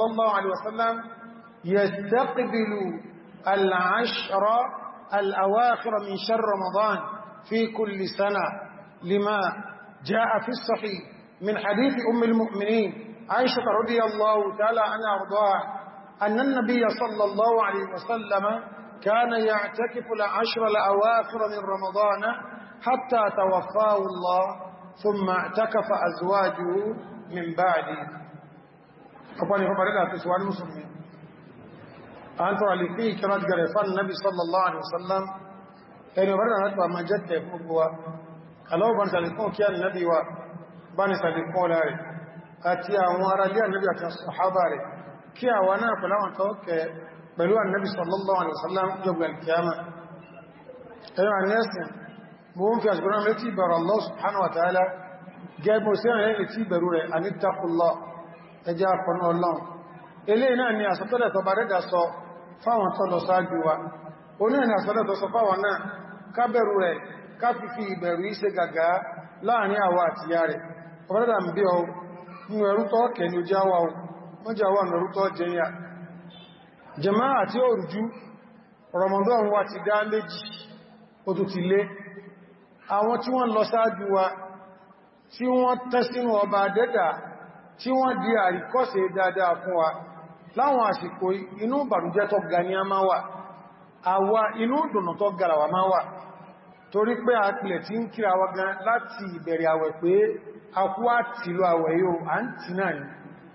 صلى الله عليه وسلم يستقبل العشر الأواخر من شهر رمضان في كل سنة لما جاء في الصحيح من حديث أم المؤمنين عائشة رضي الله تعالى عنها أرضاها أن النبي صلى الله عليه وسلم كان يعتكف العشر الأواخر من رمضان حتى توفاه الله ثم اعتكف أزواجه من بعده ọ̀pọ̀ni fọ́fàrílà tó ṣíwá ní musulmi a ń tọ́rọ alìfí ìkìrọt gẹ̀rẹ̀ fán nabi sallallahu alaihi wasallam ẹni ọ̀bẹ̀rẹ̀ náà tó àmà jẹ́tẹ̀ gbogbo aláwọ̀ bá ní sàlìkún kí án nabi wa bá ní sàlìkún láre àti àwọn ará lé annabi àti sàhábà rẹ̀ kí àwọn náà pẹ̀lú àwọn tó kẹ pẹ̀lú annabi sallallahu alaihi wasallam jọgbẹ̀ alkiyama ẹ̀yọ́ anẹ́sìn mo ẹjẹ́ àkọ́nà ọlọ́run eléyìí náà ni àsọtẹ́lẹ̀ tó bá rẹ́dà sọ fáwọn tó lọ sáájú wa onírin àsọtẹ́lẹ̀ tó sọ fáwọn náà kábẹ̀rù rẹ̀ ká fífi ìbẹ̀rù iṣẹ́ gàgá láàrin àwa àti ya rẹ̀ ọ̀rẹ́dà ń bí ọ nínú ẹrú tọ́ kẹ́ ní ojú àwa wọ́n jẹ́ àwọn ẹrú tọ́ jẹyà tí wọ́n tẹ́sínú ọba dẹ́dà tí wọ́n di àríkọ́sẹ̀ dáadáa fún wa láwọn àsìkò inú bàrújẹ́ tó ga ní a máa wà àwa inú dùnà tó gara wa máa wà torí pé a pìlẹ̀ tí ń kíra wa gan láti ìbẹ̀rẹ̀ àwẹ̀ pé a kú á ti lọ àwẹ̀ yóò à ń ti náà ní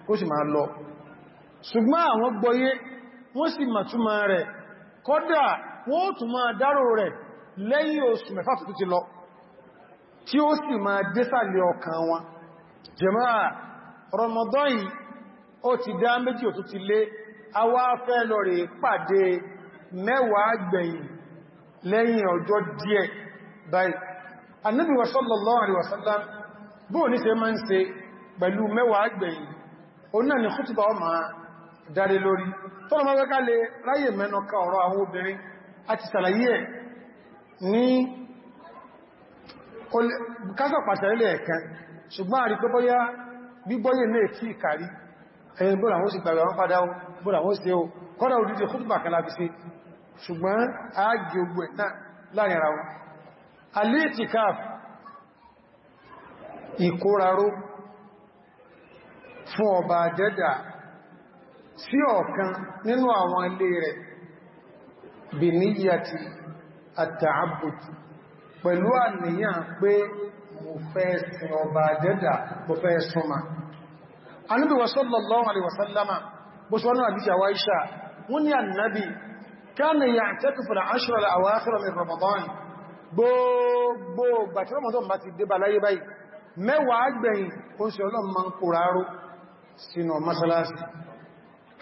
kó sì máa lọ ṣùgbọ́n àwọn gbọ́yé wọ́n sì màtúmà rẹ̀ kọ́dà wọ́n tún máa dárò rẹ̀ lẹ́yìn oṣù mẹ́fà tó ti lọ tí ó sì máa désàlẹ̀ ọkàn wọn jẹ́máà Ramadan yìí ó ti dá méjì ò tó ti lé awá fẹ́ lọ rẹ̀ pàdé mẹ́wàá gbẹ̀yìn lẹ́yìn ọjọ́ díẹ̀ báyìí Ànábì wa sallallahu alaihi wasallam bó ní ṣe máa ń ṣe pẹ̀lú mẹ́wàá gbẹ̀yìn ó náà ni kútùbà ọ máa dáre lórí tọ́nà máa wẹ́ká ṣùgbọ́n àrí pé bóyá gbígbọ́yẹ̀ náà tí ìkàrí ẹ̀yìn bọ́lá wọ́n sì gbàrẹ̀ wọ́n padà bọ́lá wọ́n sí o kọ́dá òdíje kútùbà kan lábi sí ṣùgbọ́n ààgì ogbò ẹ̀ta láàrin ara wọn alìtìkáf ìkóraró fún ọba jẹ́dà sí ọ̀kan nínú àwọn ilé pẹ̀lú àníyàn pé mo fẹ́ sin ọba dẹ́dà mo fẹ́ súnmà anúbí wasallallahu alaihi wasallama bó sọ náà bíkà wá iṣà wọ́n ni annabi kánà yà tẹ́kù fún àṣírà àwáṣírà min ramadan gbogbo gbàtí ramadan bá ti dé bá láyé báyìí mẹ́wàá gbẹ̀yìn ó ń ṣe ọlọ́run ma ń kòráró sínú masalasi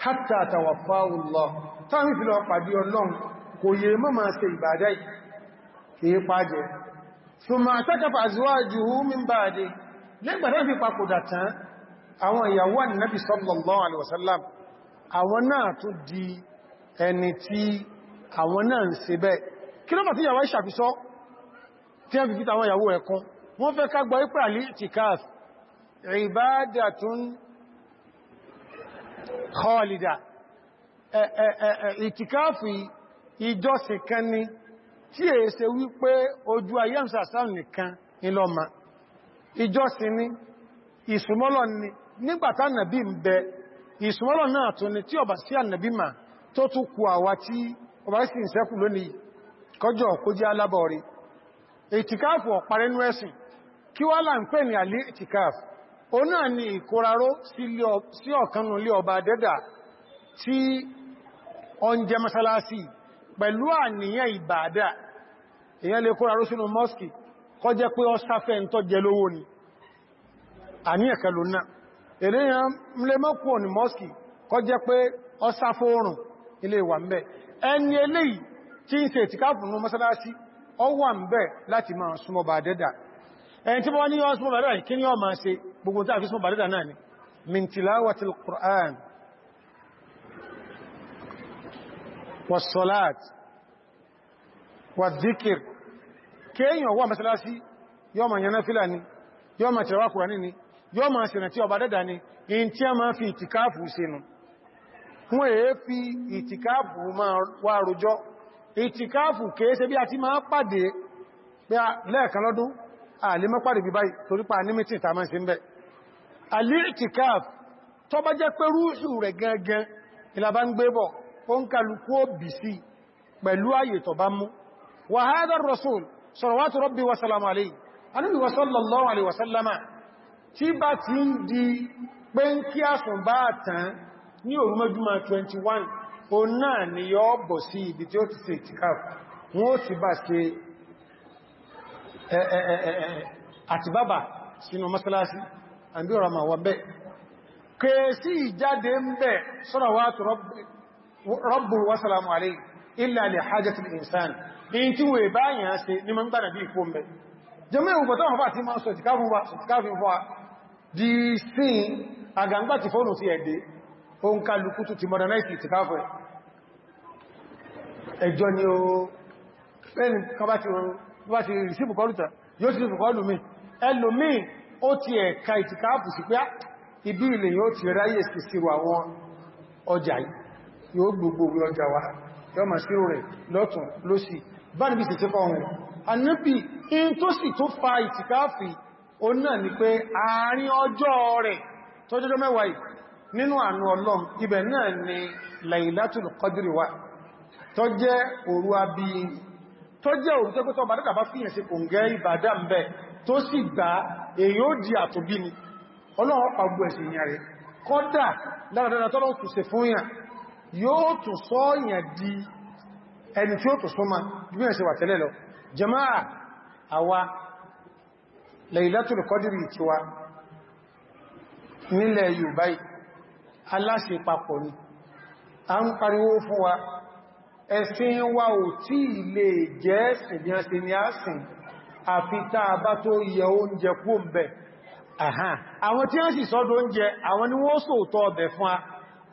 hatta tawaffaullah táwọn kò yẹ mọ́ máa ṣe ìbàdá yìí kìí pàjẹ́ thumma atakafa azwajuhu min ba'di lẹ́gbà náà fi papòdà tán àwọn ìyàwó Ànábì sallallahu alaihi wasallam àwọn náà tún di ẹni tí àwọn náà ń ṣe bẹ́ẹ̀ kí lọ́pàá tí ìyàwó ìṣàfisọ́ tí a ìjọsìn kan ni tí è ṣe wípé ojú ayé ń sàsáà nìkan ìlọ́mà ìjọsìn ni ìsúnmọ́lọ̀ ni nígbàtá nàbí ń bẹ ìsúnmọ́lọ̀ náà tó ni tí ọba sí ànàbí mà tó tún kù tí ọba sí ìṣẹ́kù lónìí kọjọ kó jẹ́ alábọ̀ọ̀rẹ́ ọ̀parẹ́ inú ẹ̀sìn kí wá ní àlé ọba ti pẹ̀lú àníyàn ìbàdà èyàn lè kóra ró sínú mọ́sùkì kọ́ jẹ́ pé ọ sáfẹ́ ń tọ́ jẹ lówó ni àníyàn kẹlò náà èléyàn lè mọ́ kúrò ní mọ́sùkì kọ́ jẹ́ pé ọ sáfẹ́ oòrùn ilé wà ń bẹ̀ ẹni eléyìí tí ń ṣe ìtìkáfù ní والصلاة والذكر كين يوم مسلاسي يوم ينافلاني يوم تواكرانيني يوم سنتي وبعدداني انتيا ما في اتكاف سنو wọ́n èé fi ìtìkáàfù máa wà rújọ́ ìtìkáàfù kèése bí a ti máa pàdé pé a lẹ́ẹ̀kan lọ́dún a lè mọ́ pàdé bí báyìí torípa ní mítí ìta máa sí ń bẹ̀. alì ìtìkáàfù tó bá jẹ́ pé rúúsù rẹ̀ gangan ìlàbá ń gbé ó ń kàlùkú òbí sí pẹ̀lú ayè tó bá mú wa hadha ar-rasul salawatu rabbi wa salamu alayhi anábi wa sallallahu alayhi wa sallama tí bá ti ń di pé ń kí àsùn bá tán ní òru mọ́júmọ́ 21 o náà ni yọ bọ̀ sí ibi tí ó ti ṣe ìtìkáf wọ́n ìjáde ń bẹ̀ salawatu rabbi rọ́bù wasalamu alẹ́ ilẹ̀ alẹ́ hajjati insan in tí wọ́n bá yàn ṣe ní mọ́ gbára bí ikú mẹ́ jẹ́mọ́ ìwògbọ̀tọ́ wọn bá ti máa sọ ìtìkáfin fún di sin àgbàngbà ti fóònù ti ẹ̀dẹ́ oun kálukú tó ti modernize ìtìkáfẹ́ ẹjọ́ ni o ẹni bá ti rìsíbù kọlùta yóò ti ti ẹ̀ka sí pé ah, ibi ilẹ̀ ọjà yìí yóò gbogbo ọjà wa yóò ma sírò rẹ̀ lọ́tún lósì bá níbi sì tí kọ́ wọn in tó sì tó fa ìtìkáàfì o náà ni pé àárín ọjọ́ rẹ̀ tó jọjọ́ mẹ́wàá nínú àánú Ọlọ́run ibẹ̀ náà ni Lailatul Qadri wà ni lára dára tọ́lọ́ tù fún yàn yóò tún sọ́yìn di ẹni tí ó tún sọ́mà bí ẹ̀ṣẹ̀ wà tẹ́lẹ̀ lọ jama'a àwa Lailatul Qadri tiwa nílẹ̀ Yorùbá aláṣẹ papọ̀ ni a ń pariwo fún wa ẹ̀sìn wa ò tí ilé jẹ́ ẹ̀sìn ni a sìn àfi táa bá tó yẹ oúnjẹ kú ń bẹ̀ àwọn tí wọ́n sì sọ́dọ̀ oúnjẹ àwọn ni wọ́n sòótọ́ ọbẹ̀ fún a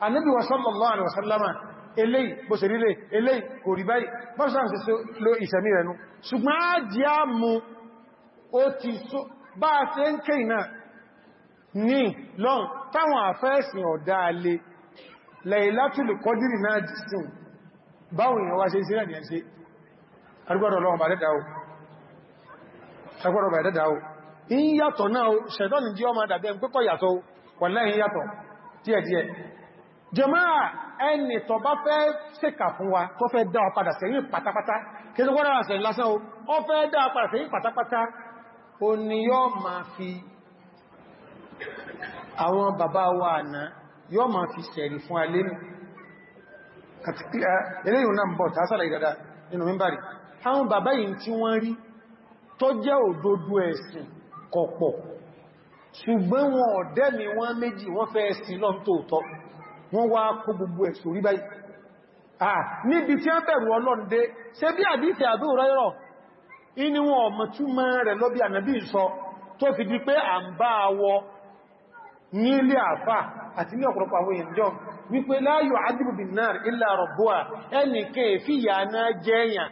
Ànábì wa sallallahu alaihi wasallama eléyìí bó ṣe rílé eléyìí kò rí báyìí bá ṣe ṣe ló ìṣẹ̀mí rẹ̀ nú ṣùgbọ́n á di á mú ó ti só bá ṣe ń ké ìná ní lọ́n táwọn àfẹ́ẹ̀sìn ọ̀dá alé Lailatul Qadr náà jìsìn báwọn èèyàn wá ṣe sí rẹ̀ ṣe agbọ́dọ̀ lọ́wọ́ bá dẹ́dà ó in yàtọ̀ náà ṣẹ̀dọ́ ni jí ọmọ dàbẹ́ ń pẹ́kọ̀ yàtọ̀ wọ̀lẹ́yìn yàtọ̀ díẹ̀díẹ̀ jẹmáà ẹni tó bá fẹ́ ṣèkà fún wa tó fẹ́ dá padà sẹ́yìn pátápátá kí ló gbọ́nà sẹ́yìn lásán o ó fẹ́ dá padà sẹ́yìn pátápátá o ni yọ́ ma fi àwọn bàbá wa àná yọ́ ma fi sẹ̀rì fún alẹ́nu eléyìn náà bọ̀ tásàlẹ̀ ìdàdà nínú mímbàrí àwọn bàbá yìí tí wọ́n rí tó jẹ́ òdodo ẹ̀sìn kọ̀pọ̀ ṣùgbọ́n wọn ọ̀dẹ́ mi wọ́n méjì wọ́n fẹ́ ẹ̀sìn lọ́n tóòtọ́ wọ́n wá kó gbogbo ẹ̀ sórí báyìí ah níbi tí wọ́n bẹ̀rù ọlọ́ndé ṣe bí àdíṣẹ́ àbí òrẹ́rọ̀ inú wọn ọmọ túnmọ́ rẹ̀ lọ́bí ànàbí sọ tó fi di pé à ń bá wọ ní ilé àfà àti ní ọ̀pọ̀lọpọ̀ àwọn èèyàn jọ wípé láyò adìbùbì náà ilẹ̀ àrọ̀bọ́à ẹnì kẹfì yà náà jẹ́ èèyàn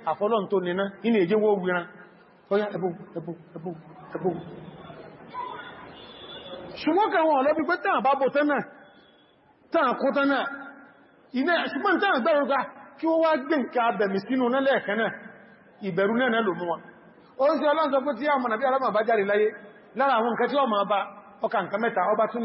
ṣùgbọ́n kẹwọn ọ̀lọ́bí pé tàn bá tẹ́nà tán kótọ́ náà iná ṣùgbọ́n tán gbẹ́rùgbá kí wọ́n wá gbé nǹkan abẹ̀mì sínú náà lẹ́ẹ̀kan náà ìbẹ̀rù lò mú wọn ó ń sí ọlọ́nsọ tí a mọ̀nà bí alámà bá járe láyé lára àwọn nǹkan ọkà nkà mẹta ọba tún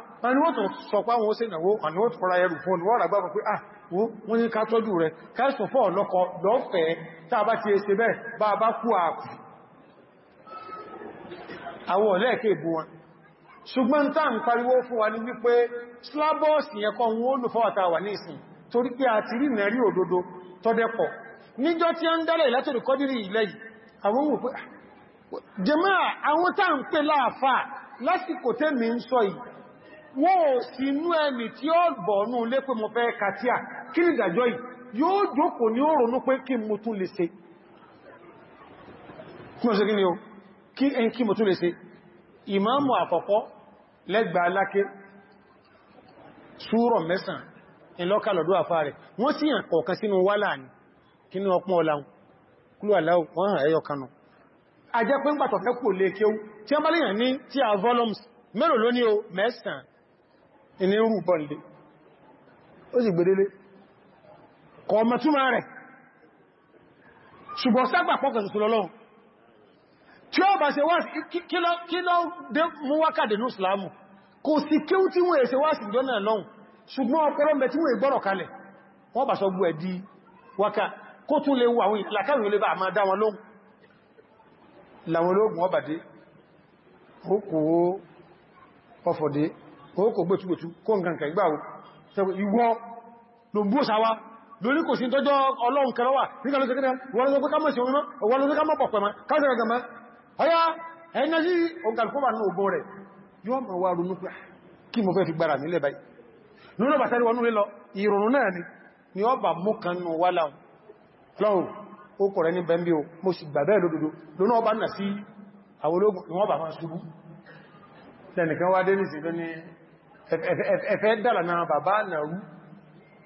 wọ́n ni wọ́n tó sọpá wọn ó sí ìnáwó àni wọ́n tó fọ́ra ẹrù fún ọdún wọ́n àgbàmọ̀ pé ah wọ́n ní ká tọ́jú rẹ̀ káìsùn fọ́ ọlọ́kọ lọ́fẹ̀ẹ́ tàà bá ti ẹsẹ bẹ́ẹ̀ bá bá kú ààkù àwọn ọ̀lẹ́ẹ̀kẹ́ ìbú wọn ṣùgbọ́n tá ń pariwo fún wa ní wípé slabọ́ọ̀sì ẹ̀kọ́ wọn ó lò fọ́wàtà a ti rí a ń dálẹ̀ ìlátòrì kọ́dìrí ilẹ̀ yìí àwọn òpé ah, jẹ́mọ́ àwọn tá ń pè láàfà lásìkò tẹ́mi ń sọ yìí wọ́n ò sí inú ẹni tí ó bọ̀ọ̀nú lé pé mo fẹ́ kàtíà kí ni ìdàjọ́ yìí yóò jókòó ní ó ronú pé kí mo tún lè ṣe kí mo eh, tún lè ṣe ìmáàmù àkọ́kọ́ lẹ́gbàá aláké súrọ̀ mẹ́sàn ìlọ́kàlọ̀dọ́ àfá rẹ̀ wọ́n sì yàn kọ̀ọ̀kan sínú wálà ní kí ní ọpọ̀ ọláun kúrò aláwọ̀ wọ́n hàn lè kéwú tí wọ́n bá lè yàn ní tí a mẹ́rò lóní o mẹ́sàn ní rú pọ̀lẹ̀ ó sì gbèdélé kọ ọmọ túnmà rẹ̀ ṣùgbọ́n ságbà pọ́kẹ̀ tuntun lọ́lọ́run tí ó bá ṣe wá kí lọ dé mú wákàdé ní ìsìlámù kò sí kí ó tí wọ́n èsẹ wá sí ìdọ́nà lọ́hun ṣùgbọ́n ọpọlọ mẹ́ tí wọ́n ìgbọ́rọ̀ kalẹ̀ wọ́n bá sọ gbọ́ ẹ̀dí wákà kó tún lè wà wọ́n làkàrí kòókò gbótúgbótú kó nǹkan kan ìgbàwó tẹ́wọ̀ ìwọ ló bú sáwá lórí kò sí tọ́jọ́ ọlọ́run kẹrọwà nígbà ló kẹkẹrẹ wọ́n ló ká mọ̀ sí omi mọ́ wọ́n ló ká mọ̀ pọ̀pẹ̀ mọ́ káàkiri gama ọya ẹ̀yìn sí ọgbàlùkọ́wà ní ògbó rẹ̀ yóò mọ̀ wá ronú pé ah, kí mo fẹ́ fi ni ni ọba mú kan nù wá láhùn lọ́hùn ó kọ̀rẹ́ ní bẹ́m̀bí o mo sì ẹ̀fẹ́ dára náà bàbá nàrú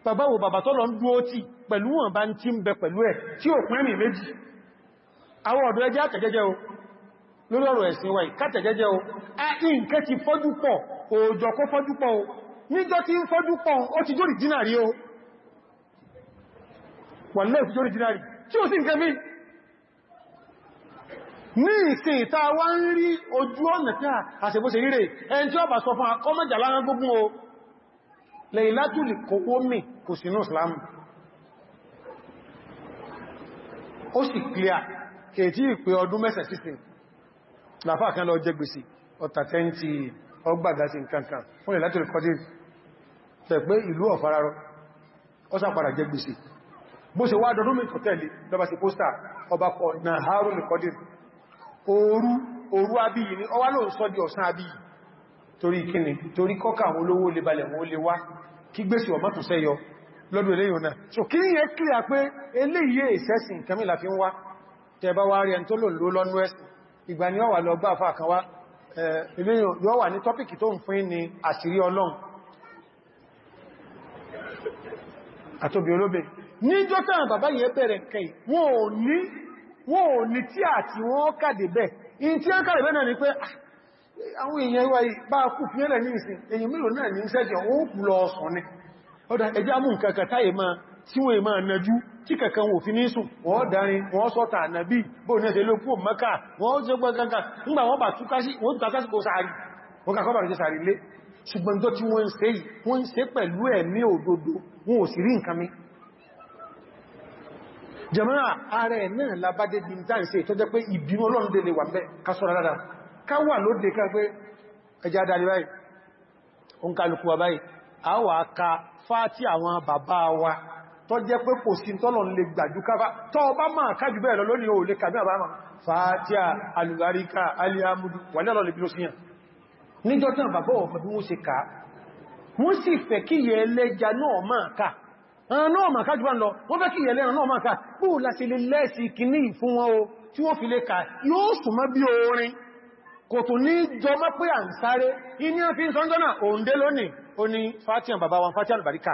bàbá wo bàbá tọ́lọ ń dúó tí pẹ̀lú wọn bá ń tí ń bẹ pẹ̀lú ẹ̀ tí ò pín ẹ̀mì méjì àwọn ọ̀dọ́ ẹjẹ́ àtẹ̀jẹ́jẹ́ o lórí ọ̀rọ̀ ẹ̀sìn wáyìí kátẹ̀jẹ́jẹ́ o a ìǹkẹ́ ti fọ́jú pọ̀ òòjọ́ kó fọ́jú pọ̀ o níjọ́ tí ń fọ́jú pọ̀ ó ti jórí dínàrí o wà ní ìsìn ìta wá ń rí ojú ọ̀nà tí a ṣèbóṣe ríre ẹni tí ó bá sọ fún lára gbogbo o Laylatul Qawmi kò islamu ó sì clear kèètí ìpé ọdún mẹ́sẹ̀ sísìn làfáà kan lọ jẹ gbèsè ọ̀tàtẹ́ntì ọgbàgásí nkankan fún Laylatul gbèsè Oru Oru abíyì ni ọwá lóòrùn sọ di ọ̀sán abíyì torí kíni torí kọ́kà àwọn olówó lè balẹ̀ wọn lè wá kí gbèsè ọmọ tó sẹ́yọ lọ́dún eléyìí náà so kí yẹ kílẹ̀ pé eléyìí ìṣẹ́sìn kẹmí la fi ń wá tẹba wá rí ẹni tó lò ló lọ́nú ẹ̀sìn ìgbà ni ó wà lọ gbá àfà kan wá eléyìí yóò wà ní tọ́pìkì tó ń fún ní àṣírí ọlọ́run àtòbí olóbe ní jọ́tàn bàbá yẹ bẹ̀rẹ̀ kẹ́ wọn ò ní wọ́n ò ní tí àti wọ́n kàdé bẹ́ in tí ó kàdé bẹ́ náà ni pé ah, àwọn èèyàn ìwà bá kú fi ẹlẹ̀ ní ìsìn èyàn mélòó náà ní ìṣẹ́jẹ̀ ó kù lọ ọ̀sán ní ọdá ẹjá mú nǹkan kàtà ìmá tí wọ́n ìmá nàjú tí kankan wò fi ní sùn wọ́n darin wọ́n sọ́ta ànàbí bó ní ẹ̀sẹ̀ ló kú mọ́ká wọ́n jẹ́ gbọ́gbọ́gbọ́ jẹmọ́ra ààrẹ náà labádé bí dáìsẹ̀ tó jẹ́ pé ìbí ọlọ́ndẹ̀ lè wà mẹ́ kásọ́ra rárá káwà lóde ká pé ẹjá dáadé báyìí o ń kálukú wa báyìí a wà ká fàátí àwọn bàbá wa tó jẹ́ pé kò sí tọ́lọ̀n lè gbàjú káfà tọ́ ọba máa kájú bẹ́ẹ̀ lọ lónìí o lè kàbí àbámà fàátíà alùbáríkà aliamudu wà ní ọlọ́lẹ̀ bí wọ́n ṣe ká wọ́n sì fẹ́ náà máa ká ẹ̀nà ọmọ ká jùbọn lọ wọ́n fẹ́ kí ìyẹ̀lẹ́ ẹ̀nà ọmọ ká pù láti lè lẹ́ẹ̀sì kìíní fún wọn o tí ó fi lè ká yóò súnmọ́ bí orin kò tún ní jọmọ́ pé à ń sáré iní ọ́n fi ń sọ́njọ́ náà òǹdé lónìí ó ní fatihan bàbá wọn fatihan barika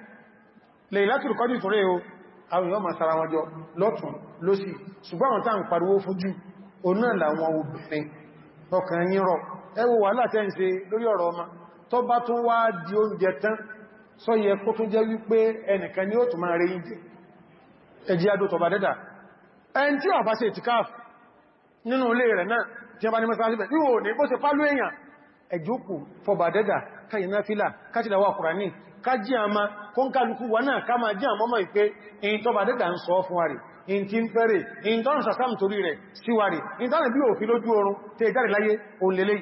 Lailatul Qadr tó rẹ̀ o àwọn èèyàn máa sára wọn jọ lọ́tún lósì ṣùgbọ́n àwọn tá ń pariwo fojú oná làwọn obìnrin ọkàn yín rọ ẹwọ wà látẹ́ ń ṣe lórí ọ̀rọ̀ ọmọ tó bá tún ni ó tún máa rẹ̀yìn jẹ ẹjí adó tọba dẹ́dà ẹn tí ọ̀bá ṣe ìtìkáf nínú ilé rẹ̀ náà tí a bá ní mẹ́sàásíbẹ̀ níwò ní kó ṣe pálú èèyàn ẹjọ́kù fọba dẹ́dà káyìnà fílà kùránì ká jí àmá kó ń kálukú wà náà ká máa jí àmọ́ mọ́ ìpé in tó bá dẹ́dà ń sọ fún wa rẹ̀ in ti ń fẹ́rẹ̀ in tó ń sàkám torí rẹ̀ sí wa rẹ̀ in tó ń bí òfin lójú oorun tẹ́ járe láyé òun lélé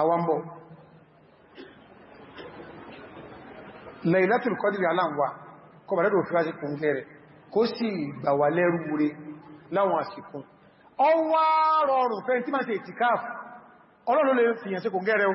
àwambọ̀ Lailatul Qadr aláǹwà kọ rẹ̀ láwọn àsìkò ọlọ́run lè fìyàn sí kò gẹ́rẹ́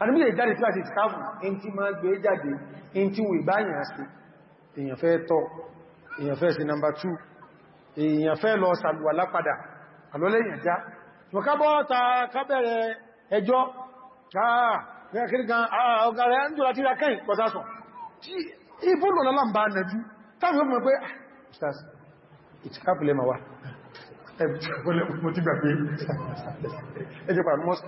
a àdúgbìyà ìjáde kíláàsì ìtìkáàfù in ti máa gbé jáde in ti wè báyìí àṣì èyàn fẹ́ tọ̀ èyàn fẹ́ sí nàmbà 2 èyàn fẹ́ lọ sàlùwà lápadà àlọ́lẹ̀ èyàn já ṣùgbọ́kábọ́ta kábẹ̀rẹ̀ ẹjọ́ Ẹjọ́ ah, pàdé mọ́sí.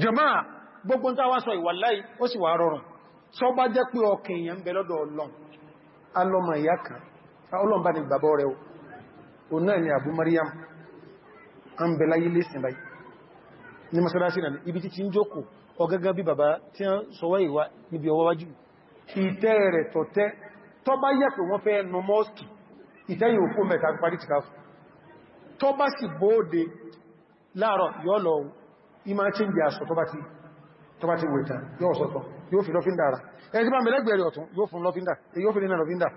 Jọmáà gbogbo tàwà sọ ìwàláì ó sì wà rọrùn sọ bá jẹ́ pé ọkàn èèyàn ń bẹ lọ́dọ̀ ọlọ́n alọ́mọ ìyá kan ọlọ́n bá ní rẹ̀ o náà ni Abu Maryam ń bẹ láyé lẹ́sìn báyìí ní masalasi náà ibi títí ń jókòó ọgagá bí bàbá tí a sọwọ́ ìwà níbi ọwọ́ wájú ìtẹ́ rẹ̀ tọ̀tẹ́ tọ́ bá yẹ pé wọ́n fẹ́ nọ mọ́ọ̀sì láàrọ̀ yọ́ lọ ìmá tí ń jẹ́ àṣọ tọ́ bá ti tó bá ti wò ìtàn yóò sọ́tọ̀ yóò fi lọ́fíndà ara ẹni tí bá mẹ́lẹ́gbẹ̀ẹ́ rẹ̀ ọ̀tún yóò fún lọ́fíndà yóò fi nínú lọ́fíndà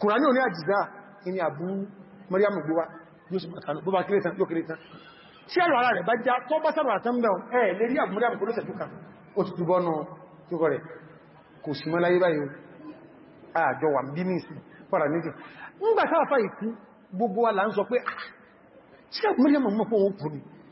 kùránì ò ní àjìzá ní àbú mẹ́ríàmù gbówá yóò sì pàtàkì bó bá kéré tán yóò kéré tán tí ẹ̀rọ ara rẹ̀ bá já tó bá sàrọ̀ àtàmbẹ̀ ẹ̀ lè rí àbú mẹ́ríàmù kólóṣẹ̀ túkà ó ti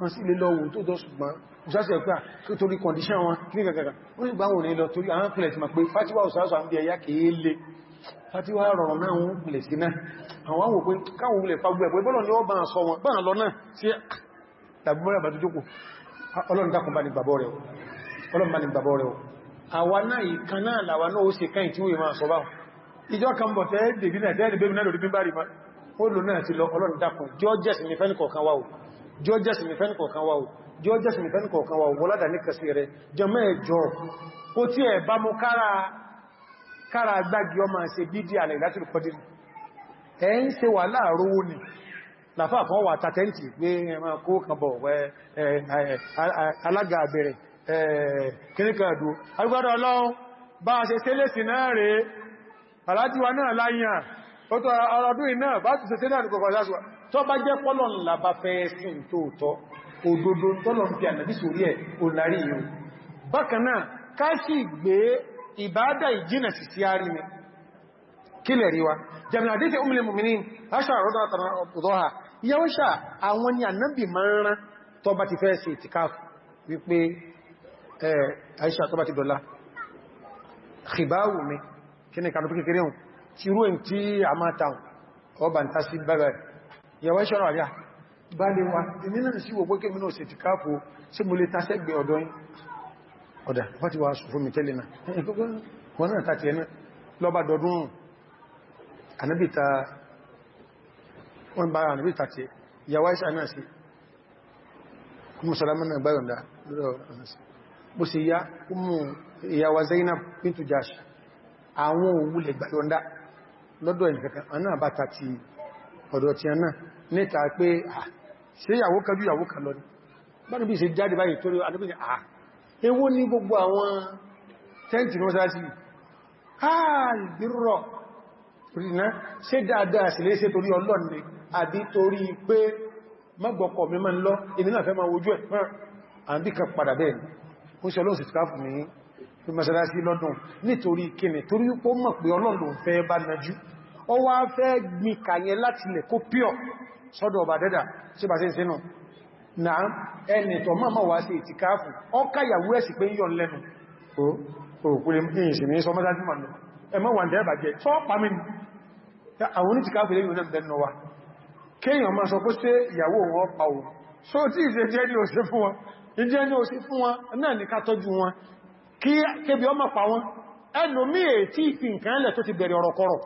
wọ́n sí lélọ́wọ́ tó tọ́ ṣùgbọ́n ìṣàṣẹ́ pé ah, kí torí kọndíṣàn wọn ní gàgàgà ó ní gbáwọn ní lọ torí àwọn pìlẹ̀ ti ma pé fátíwá òṣàṣà ń bí ẹyà kìí lè fátíwá rọrọ̀ náà wọ́n pìlẹ̀ sí náà àwọn wò pé káwọn wulẹ̀ fagbó ẹ̀pẹ́ bọ́lọ̀ ni ó bá sọ wọn bá lọ náà sí tàbímọ́rẹ́ àbájú jókò ọlọ́run dákùn bá ní gbàbọ́ rẹ̀ ọlọ́run bá ní gbàbọ́ rẹ̀ àwa náà ìkan jọ́jẹ́sì mìfẹ́ nìkọ̀ọ̀kan wá o jọ́jẹ́sì mìfẹ́ nìkọ̀ọ̀kan wá o wọ́ládà ní kẹsì rẹ̀ jẹmọ́ ẹjọ́ ó tí ẹ bá mú kára gbági ọmọ ṣe bídí alẹ̀ láti rùkọdìrì wà ni làfáà kan wà tàtẹ́ntì pé ẹmà kó kan bọ̀ alága àbẹ̀rẹ̀ kíníkàdó agbádọ̀ ọlọ́run bá a ṣe tẹ́lẹ̀sì náà rẹ̀ alájíwa náà láyàn ó tó ọdún iná bá ti ṣe tẹ́lẹ̀ àdúgbò ọ̀sáṣùwà tó bá jẹ́ pọ́lọ̀n làbá fẹ́ sí tóòtọ́ òdòdó tọ́lọ̀n fi ànàbí sórí ẹ̀ olàrí yìí bákanáà ká sì gbé ìbádà ìjìnà sí sí àrí mi kí lẹ̀ rí wa jẹ́mìn ni ànábì máa ń ti fẹ́ sí ìtìkáfù wípé Aisha tó ti dọ̀la, Khibawu mi, kí ni kànú kékeré hùn, ti rú ẹn tí a máa ta ọba ń tásí bẹ́rẹ̀ yẹwọ́ ìṣọ́rọ̀ àríà bá lè wá ìmìnà sí wò pé kéminà òsì ti káàkó sí mo lè tásẹ́gbẹ̀ ọ̀dọ́ ọ̀dà wọ́n ti wá sùn fún mi tẹ́lẹ̀ náà wọ́n náà tàti ẹni lọ́bá dọdún ànábìta àwọn òwúlẹ̀ gbáyọ̀ndà lọ́dọ̀ ìkankan aná àbáta ti ọ̀dọ̀ ti aná níta pé ṣe ìyàwó kan jú ìyàwó kan lọ ní bá níbi ìṣe jáde báyìí torí adébìnì àà ewó ní gbogbo àwọn tẹ́ntì mọ́sáàtì àìgbérọ̀ rìnà ṣe dáadáa sì léṣe torí ọlọ́ni àbí torí pé mọ́gbọ̀kọ̀ mi máa ń lọ èmi náà fẹ́ fi mọ́sálásí lọ́dún nítorí kíni torí ó mọ̀ pé ọlọ́run fẹ́ bá najú ọ wá fẹ́ gbin kàyẹ láti lẹ̀ kó píọ̀ sọ́dọ̀ ọba dẹ́dà sí bá sí sínú na ẹni tọ̀ máa wá sí ìtìkáàfù ọ káyàwó ẹ̀sì pé yọ lẹ́nu ìjẹ́ ni ó sí fún wọn náà ní ká tọ́jú wọn kí kébi ọmọ pa wọn ẹnu mí è tí ìfi nǹkan lẹ̀ tó ti bẹ̀rẹ̀ ọ̀rọ̀ kọrọ̀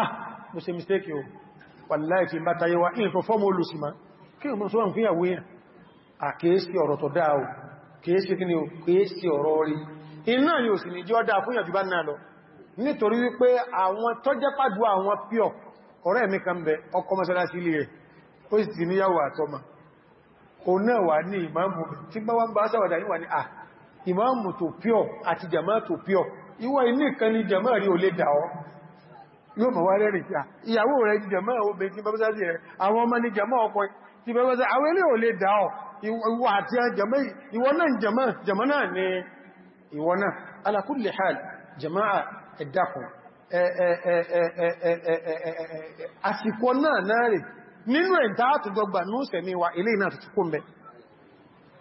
ah mo ṣe mistake o wàláì tí bá tayé wa in fọ́ fọ́mọ́ olùsìmá kí o mọ́ sọ́wọ́n fún ìyàwó yẹn à kéèsí ọ̀rọ̀ tó dáa o kéèsí kí ni o kéèsí ọ̀rọ̀ rí ni ò sì ní jọ́ dáa fún ìyàjú bá náà lọ nítorí wípé àwọn tọ́jẹ́ pàdù àwọn píọ̀ ọ̀rẹ́ mi kan bẹ ọkọ mọ́sálásí ilé rẹ̀ ìmáàmù tó píọ̀ àti jàmá tó píọ̀ ìwọ ilé kan ní jàmá rí o lè dáọ́ yóò mọ̀ wá rẹ̀rìn pé ìyàwó rẹ̀ ní jàmá obìnrin tí bẹ́bẹ́sá sí rẹ̀ àwọn ọmọ ní jàmá ọkọ̀ tí hal jàmá ẹ̀dàkùn àsìkò náà náà rẹ̀ nínú ẹ̀dà àtùgbọgbà ní ó sẹ̀mí wa ilé náà tuntun kó mẹ́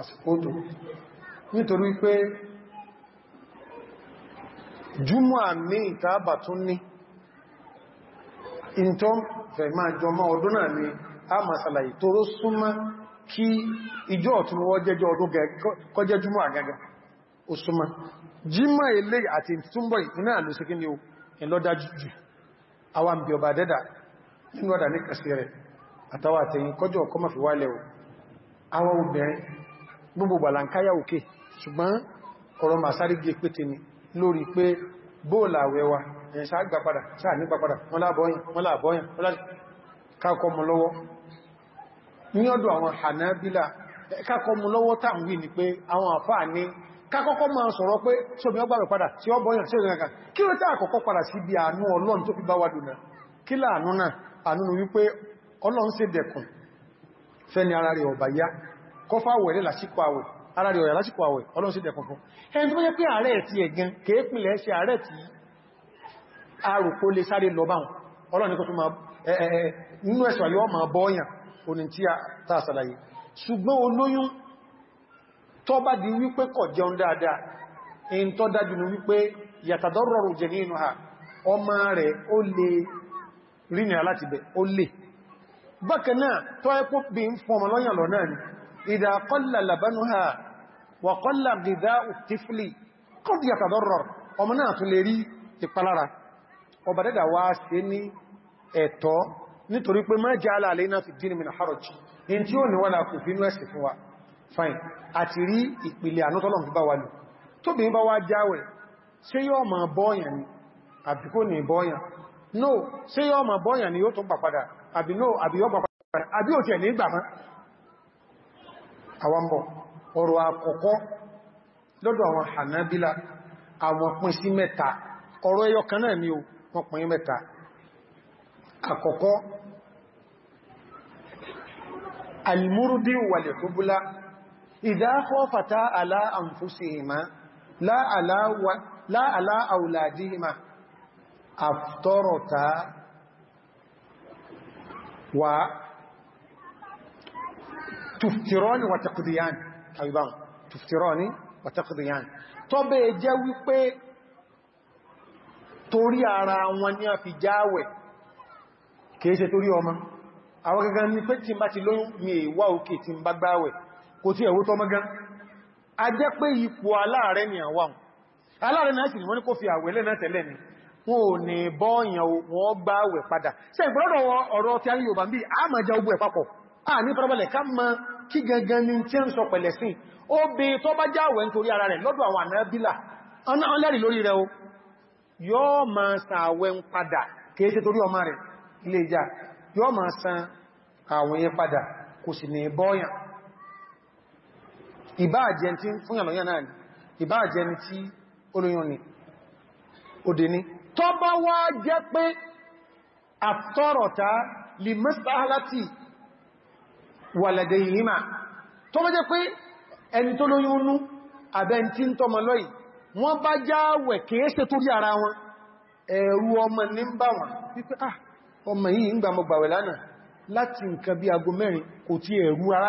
àsìkò tó nítorí pé jùmọ́ àmì ìtàbà tún ní ìntọ́ fẹ̀ máa ọdún náà ni a máa sàlàyé tó ró súnmọ́ kí ìjọ ọ̀tún wọ́n jẹjọ ọdún kọjẹ́ jùmọ́ àgagà ó súnmọ́ jímọ̀ ilé àti ìtúnbọ̀ ìpínlẹ̀ àlúsíkí ọba o gbogbo gbàlànkáyà òkè ṣùgbọ́n ọ̀rọ̀ màsárí gé pété ni lórí pé bóòlà àwẹ́wà ẹ̀ṣà àgbàpadà sáà nígbàpadà wọ́n lábọ́yìn wọ́n lábọ́yìn wọ́n lábọ́yìn kákọmù lọ́wọ́ ní ọdọ̀ Hanabila kákọmù lọ́wọ́ tàwí ni pé àwọn àfáà ní kákọ́kọ́ máa sọ̀rọ̀ pé sóbi ọgbà rẹ̀ padà tí ó bọ́yàn sí ìrìnàkà kí ló tá àkọ́kọ́ padà sí bí àánú Ọlọ́run tó fi bá wà dùnà kí láàánú náà àánú wípé Ọlọ́run ṣe dẹ̀kùn fẹ́ni ara rẹ̀ ọ̀bàyá kọfàwẹ̀ lẹ́ lásìkò àwẹ̀ ara rí ọ̀yà lásìkò àwẹ̀ ọlọ́sí dẹ̀kùn fún ẹni tó jẹ́ pé ààrẹ ti ẹ̀gan kéèpìnlẹ̀ ṣe ààrẹ ti arùpó lè sáré lọ́báhùn ọlọ́nikọ́ tó máa nínú ẹ̀sọ̀ àyọ́ máa bọ́ọ̀yàn oní tí a tàà sàlàyé ṣùgbọ́n olóyún tó bá di wípé kọ̀ jẹun dáadáa in tó dájú ní aláti bẹ̀ ó lè bákan náà tó ẹ́pọ̀ bí ń fún ọmọ lọ náà ni إذا قل لبنها وقل غذاء الطفل قد يتضرر ọmọná tún lè rí ìpalára ọba dẹ́dà wá sí ní ẹ̀tọ́ nítorí pé má jẹ́ aláàlẹ́ náà fi dínì mìnà harrods in tí ó níwọ́n láàkù fínú ẹ̀sì fún wa fine àti rí ìpìlẹ̀ ànútọ́lọ̀ fi bá wà lò tó bí bá wá jáwẹ̀ ṣé yóò máa bọ́ọ̀yàn ni àbí kò ní bọ́ọ̀yàn no ṣé yóò máa bọ́ọ̀yàn ni yóò tún pàpadà àbí no àbí yóò pàpadà àbí ò tẹ̀ ní ìgbà mọ́ àwambọ̀ ọ̀rọ̀ àkọ́kọ́ lọ́dọ̀ àwọn Hanabila àwọn pín sí mẹ́ta ọ̀rọ̀ ẹyọ kan náà ni o wọ́n pín mẹ́ta àkọ́kọ́ almurdi walhubla idha khafata ala anfusihima la ala wa la ala auladihima aftarata wa tuftirani wa taqdiyan tàbíbáwọn tuftirani wa taqdiyan tó bẹ́ jẹ́ wípé torí ara wọn ní a fi jáwẹ̀ kìí ṣe torí ọmọ àwọn gangan ní pé tí bá ti lóyún mi èwà òkè tí bá gbáwẹ̀ kò tí ẹ̀wó tọ́ mọ́gán a jẹ́ pé ipò aláàrẹ ni àwọn aláàrẹ náà sì ni wọ́n ní ni wọn ò ní bọ́ọ̀yàn wọn gbáwẹ̀ padà ṣe ìgbọ́lọ́dọ̀ ọ̀rọ̀ tí a ní Yorùbá bí a máa jẹ ogun ẹ̀ papọ̀ a ní farabalẹ̀ ká máa kí gangan ni tí ń sọ pẹ̀lẹ̀ sí ó bè tó bá jáwẹ̀ nítorí ara rẹ̀ lọ́dọ̀ àwọn ànábílà ọlẹ́rì lórí rẹ̀ o yóò ma san àwẹ̀ ń padà kéèsè torí ọmọ rẹ̀ ilé ìjà yóò ma san àwẹ̀ yẹn padà kò sì ní bọ́yàn ìbáàjẹ́ tí fúnyàn lọ́yàn náà ni ìbáàjẹ́ tí olóyàn ni òdè ni tó bá wá jẹ́ pé àtọ́rọ̀ta lè wàlẹ̀dẹ̀ ìhìmà tó bá jẹ́ pé ẹni tó lóyún nú àbẹ́ tí ń tọ́mọ lọ́yìn wọ́n bá jáwẹ̀ kéése torí ara wọn ẹ̀rù ọmọ ní ń bá wọn wípé ah ọmọ yìí ń gbàmọ̀ gbàwẹ̀ lánàá láti nǹkan bí aago mẹ́rin kò tí ẹ̀rù ara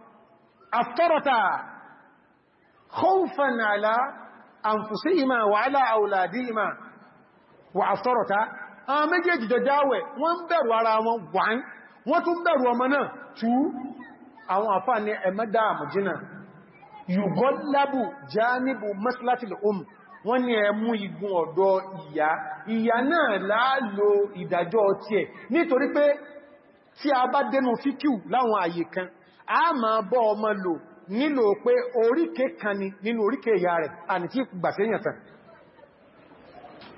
أفطرتا خوفا على أنفسهما وعلى أولادهما وأفطرتا آمجي جدجاوة وانبروا على وان وتنبروا منا تو àwọn àfáà ní ẹ̀mẹ́dà àmùjínà yùgọ́lábù já níbù mẹ́sìlátìlì om wọ́n ní ẹmú igun ọ̀dọ̀ ìyá ìyá náà láàlò ìdájọ́ ọtí ẹ̀ nítorí pé tí a bá dẹnu fíkíù láwọn àyè kan a máa bọ́ ọmọ lò nílò pé oríkè kan ni nínú oríkè ìyá rẹ̀ àni tí gbà sí èyàn tàn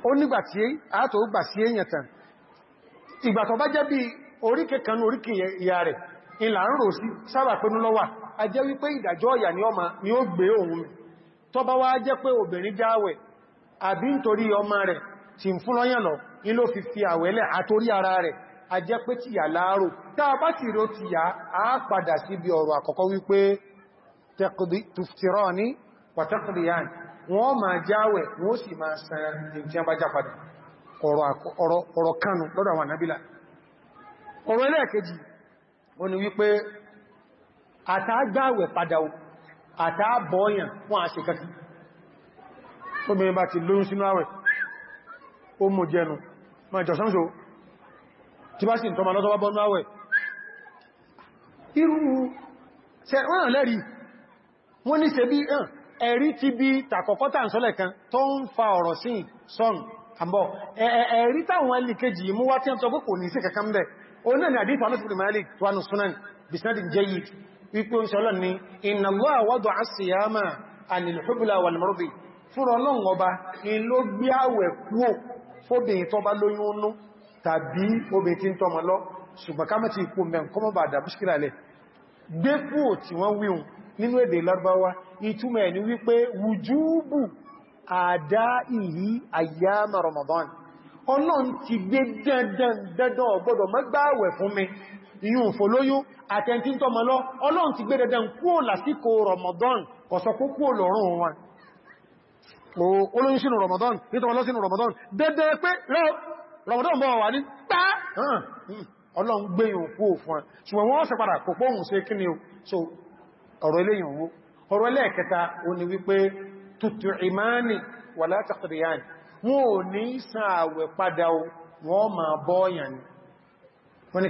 ó nígbà tí a tó gbà sí èyàn tàn bá jẹ́ bí oríkè kan oríkè ìyá rẹ̀ ìlà ń a jẹ́ wípé ìdàjọ́ ọ̀yà ni ọmọ ni ó gbé ohun bá wá jẹ́ pé obìnrin jáwẹ̀ àbí nítorí ọmọ rẹ̀ tí ń fún lọ́yàn ara rẹ̀ a jẹ́ pé ti yà tí a bá ti ro tí yà á padà síbi ọ̀rọ̀ àkọ́kọ́ wípé tuftirani pàtàkìdìyàn wọ́n ma jáwẹ̀ wọ́n sì ma san ìjẹ́ bá padà ọ̀rọ̀ kanu lọ́dọ̀ àwọn ọ̀rọ̀ ele-kejì ni wípé àtàgbàwẹ̀ tí bá sì ń tọ́mà lọ́tọ́ bọ́nú àwẹ̀ irú ṣe wọ́n lẹ́rí wọ́n ní ṣe bí ẹ̀rí ti bí tàkọ̀kọ́ta ń sọ́lẹ̀ kan tó ń fa ọ̀rọ̀ sí sọ́n àbọ̀ ẹ̀rí táwọn ẹlìkejì mú wá tí ń tọ́kù kò ní sí kankan bẹ̀ oní ẹ̀nà àdífà ní ṣùgbùn malik tó wánú sunan bisnadi jayi wípé oúnjẹ ọlọ́n ni fóbìnrin tó bá lóyún tàbí obìnrin tí ń tọ́mọ lọ ṣùgbọ́n ká mẹ́tí ipò mẹ́rin kọmọ bá dà bíṣkìrà lẹ̀ gbé kúò tí wọ́n wíhun nínú èdè Lárúbáwá ìtumọ̀ ni wípé wùjúbù àdá ìhí àyàmà Ramadan ọlọ́n ti gbé dandan dandan ọgbọ́dọ̀ mọ́gbàwẹ̀ fún mi ìyún fòlóyún àtẹ́ntí tọ́mọ lọ ọlọ́n ti gbé dandan kúò lásìkò Ramadan kọ̀sọ̀kú kúò lọ́rùn wọn olóyún sínú Ramadan nítọ́mọlọ́sínú Ramadan dandan pé rẹ̀ rọ̀mọ̀dán bọ̀ wà ní pẹ́ hmm. ọlọ́run gbé òkú òfin ṣùgbọ́n wọ́n ṣe padà kò pọ́hùn sí kí ni o so ọ̀rọ̀ eléyìn owó ọ̀rọ̀ ẹlẹ́ẹ̀kẹta o ni wípé tutù ìmáni wà látàkìrìyàn wọ́n ò ní sààwẹ̀ padà o wọ́n ma bọ́ọ̀yàn ni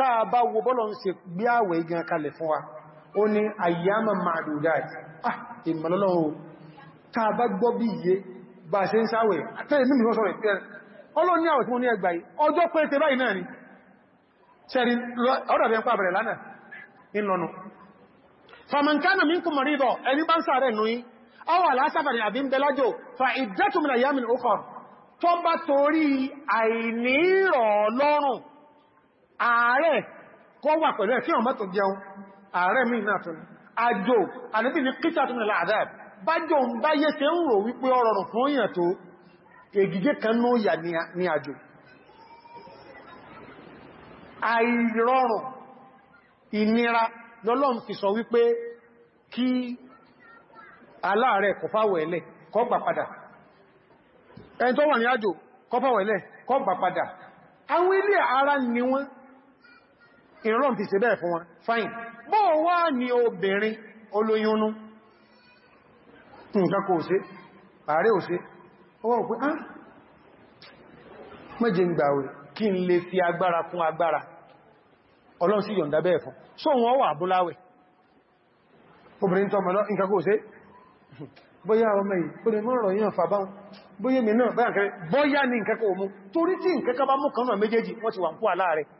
táa bá wo bọ́lọ̀ ń ṣe gbé àwẹ̀ igan kalẹ̀ fún wa ó ní àyàmà màdùdáàtì ah ìmọ̀lọ́lọ́wọ́ táa bá gbọ́ bí iye bá ṣe ń sáwẹ̀ àtẹ́rẹ̀ mímí sọ́sọ́ rẹ̀ tẹ́rẹ̀ ọlọ́ni àwẹ̀ tí mo ní ẹgbà yìí ọjọ́ pé tẹ báyìí náà ni ṣẹ̀rí ọ̀dàbẹ̀ ń pàbẹ̀rẹ̀ fàmàǹkánà mi mọ̀rídọ̀ ẹni bá ń sàárẹ̀ nù yí ọwọ́ àbí ń bẹ lájò fa ìdẹ́tùmìnà yamin okọ̀ tó bá torí àìnírọ̀ lọ́rùn ààrẹ kọ́ wà pẹ̀lú kí ọmọ tó jẹun ààrẹ mi náà tún àjò àníbì ní kíta tún nílá àdáà bá ń bá tẹ́ ń rò wípé ọrọ̀rùn fún èèyàn tó ègìgé kan ní òyà ní àjò àìrọrùn ìnira ara ni ìrọ̀lọ́n ti ṣe bẹ́ẹ̀ fún wọn fine bọ́ wá ní obìnrin olóyúnú nǹkan kò ààrẹ ò sí ọwọ́ òpin á méje ń gbàwẹ̀ kí n lè fi agbára fún agbára ọlọ́n sí bẹ́ẹ̀ fún so wọ́n wà búláwẹ̀ obìnrin nǹkan kò bóyá ọmọ yìí lè mọ́rọ̀ yíò fà bóyá mi torí tí nǹkan ká bá mú méjèèjì wọ́n ti wà ń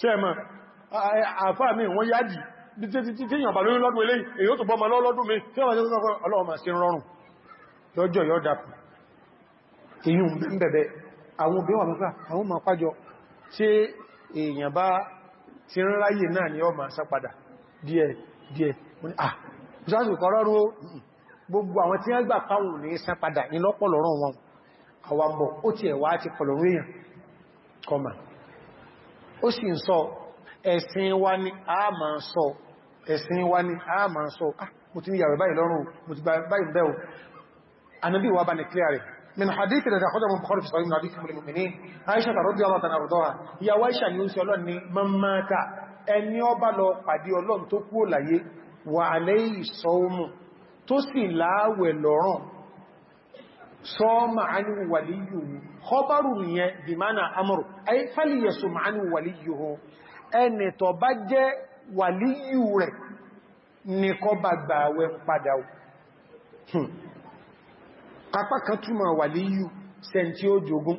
ṣe mọ̀ àfáà mi wọ́n yájì títí tí yàn bà lórí lọ́dún eléyìí èyí ó tó bọ́mọ lọ́lọ́dún mi tí wọ́n tó kọ́kọ́ ọlọ́ọ̀mà sí rọrùn lọ́jọ́ yọ́ dapù èyí ń bẹ̀bẹ̀ àwọn obìnrin wà mọ́fà àwọn ọmọ pàjọ tí èèyàn bá ti ń ráyè náà ni ọmọ sápadà díẹ̀ díẹ̀ ah ìsáàtù kọrọrún gbogbo àwọn tí wọ́n gbà páwọn ní sápadà ó sì ń sọ ẹ̀sìn wa ni a máa sọ ẹ̀sìn wa ni a máa sọ ah, mo ti ní yàwẹ̀ báyìí lọ́rùn mo ti báyìí bẹ́ẹ̀ anábí wa bá ní kílẹ̀ rẹ̀ min hadith da da khudamu bukhari fi sahih hadith mul mu'minin aisha radhiyallahu anha ardaha ya wa aisha ni usi olon ni mamata ẹni ó bá lọ pàdé olon tó kú láyé wa alayhi sawmu tó sì láàwẹ̀ lọ́rùn sọ ẹni tó bá jẹ́ wàlíyù rẹ̀ ní kọ bá gbàwẹ̀ padà kápá kan túnmọ̀ wàlíyù sẹ́ntí ó jogun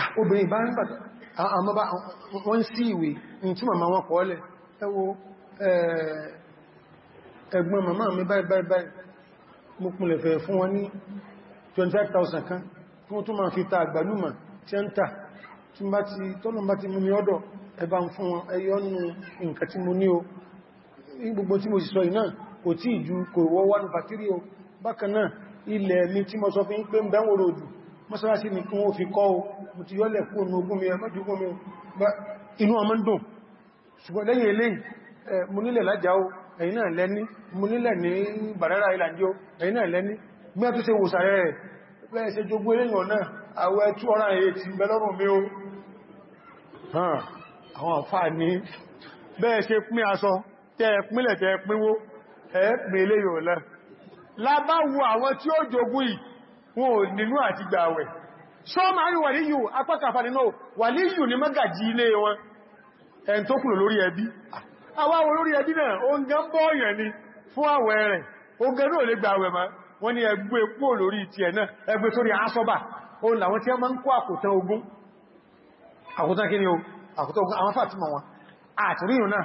ah, obìnrin bá ń pàtà àmọ́bá wọ́n sí ìwé tí màmá wọn kọ́ọ́lẹ̀ ẹwọ ẹgbọ́n màmá mi báyìí báyìí mo kúnlẹ̀ fẹ́ fún wọn ní 25,000 kan tí wọ́n tún máa fi ta àgbàlúmọ̀ tí ń tà tí bá ti tọ́nà bá ti mú mi ọ̀dọ̀ ẹba ń fún wọn ẹyọ nínú nǹkan tí mo ní o gbogbo tí mo sì sọ ìná kò tí ìjú kò wọ́ wánú bàtírí o bákan ilẹ̀ mi tí mo sọ fi ń pé ń bẹ́wọ̀ ròdù mọ́sánásí ni kí wọ́n fi kọ́ o mo ti yọ́lẹ̀ kó ní ogún mi ẹmọ́júgún mi inú ọmọ ń dùn ṣùgbọ́n lẹ́yìn eléyìn mo nílẹ̀ lájá ẹ̀yin náà lẹ́ní mú nílẹ̀ ní bàrẹ́rà ìlànjó ẹ̀yin náà lẹ́ní mẹ́tú ṣe wò sàrẹ́ rẹ̀ pẹ́ ṣe jogbo eléyàn náà àwẹ́ 208 ń bẹ lọ́rùn mi ó àwọn àfà ní bẹ́ẹ̀ ṣe pín aṣọ tẹ́ pínlẹ̀ tẹ́ pínwó ẹ̀ pínlẹ̀ yóò lẹ́ lábáwo àwọn tí ó jogún yìí wọn ò nínú àti gbàwẹ̀ ṣọ́ máa rí wàlíyù apákàfà nínú wàlíyù ní mọ́gàjí ilé wọn ẹn tó kùnà lórí ẹbí àwáwọ̀ olórí ẹbí náà o ń gán bọ́ọ̀yàn ni fún àwẹ̀ rẹ̀ o gẹ́ náà lè gba àwẹ̀ wọ́n ni ẹgbẹ́ epo lórí ti ẹ̀ náà ẹgbẹ́ tó rí asọ́bà o làwọn tí a máa ń kó àkótán ogun àkótán kí ni o àkótán ogun àwọn fàtímọ̀ wọn àtìríyàn náà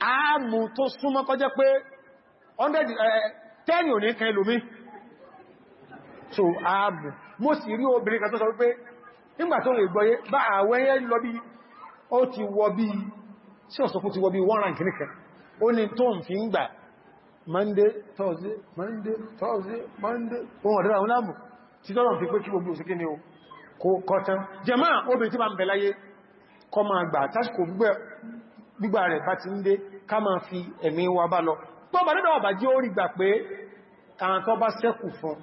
a tó súnmọ́ kọjẹ́ pé 10 eh, ò ní kan ẹlòmí so a mo sì rí obìnrin kan tó sọ wípé nígbà tó lè gbọ́yé bá àwẹ́yẹ́ lọ bí ó ti wọ bí sí ti wọ bí wọ́n ránkì nìkan ó ní tó ń fi ń gbà Monday Thursday Monday Thursday ti fi ni ma gbígbà rẹ̀ bá ti ń dé ká máa fi ẹ̀mí wa bá lọ tó bá lọ́dọ̀ àbájí ó rí gbà pé àwọn tó bá sẹ́kù fún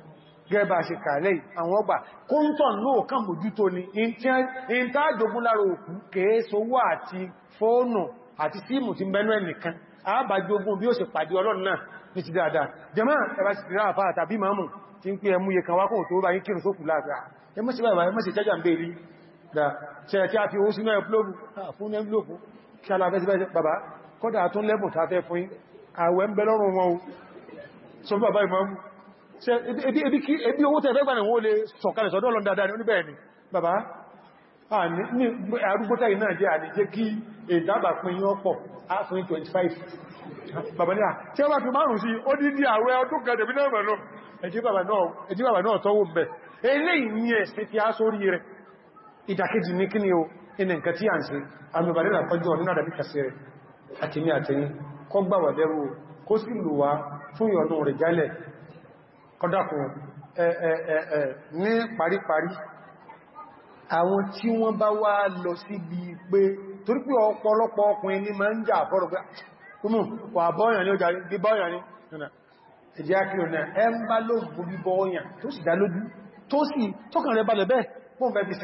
gẹ́bà ṣe kààlẹ̀ àwọn ọgbà kóntọ̀ náà kàn mójútó ni in tá jogun lára òkú kèésowó àti fóònù àti síìmù ti mẹ́nu ẹnìkan àbájógún bí ó ṣe pàdé ọlọ́run náà ní ti dáadáa jẹmọ́ ẹ̀bá ti rá àfáà tàbí máàmù tí ń pé ẹmúye kan wákùn tó da ṣe tí a fi owó sínú ẹ̀plóòbù fún ẹ̀plóòbù kí alábẹ́síbẹ́sí bàbá kọ́dà tún lẹ́bùn ta fẹ́ fún àwẹ̀ ń bẹ lọ́rùn wọn o so bàbá ìmọ̀mù ebi owó tẹ́fẹ́ gbà níwó lè sọ̀kalẹ̀ sọ́dọ̀ lọ ni bàbá arúgbótẹ́ iná jẹ́ àní jẹ́ kí ìdábà pín yán pọ̀ áfún 25 bàbá ní à tí ó bá fi márùn sí ó dídí àwẹ̀ ọdún gẹ̀dẹ̀ bí náà mẹ́lọ ẹ̀dí bàbá tọ́wọ́ mẹ́ eléyìí ni ẹ̀sìn fi á sórí rẹ̀ ìdàkejì ní kí ni o inú nǹkan tí a ń ṣe àmìbàrírà kọjú ọdún àdàbí kàṣẹrẹ àtìmí àtìyí kọ gbàwà dẹ́rù kó sì lùwá fún ìyọ̀nù rẹ̀ jálẹ̀ kọ́dàkùn ní paríparí àwọn tí wọ́n bá lọ tó sì dá lójú tó sì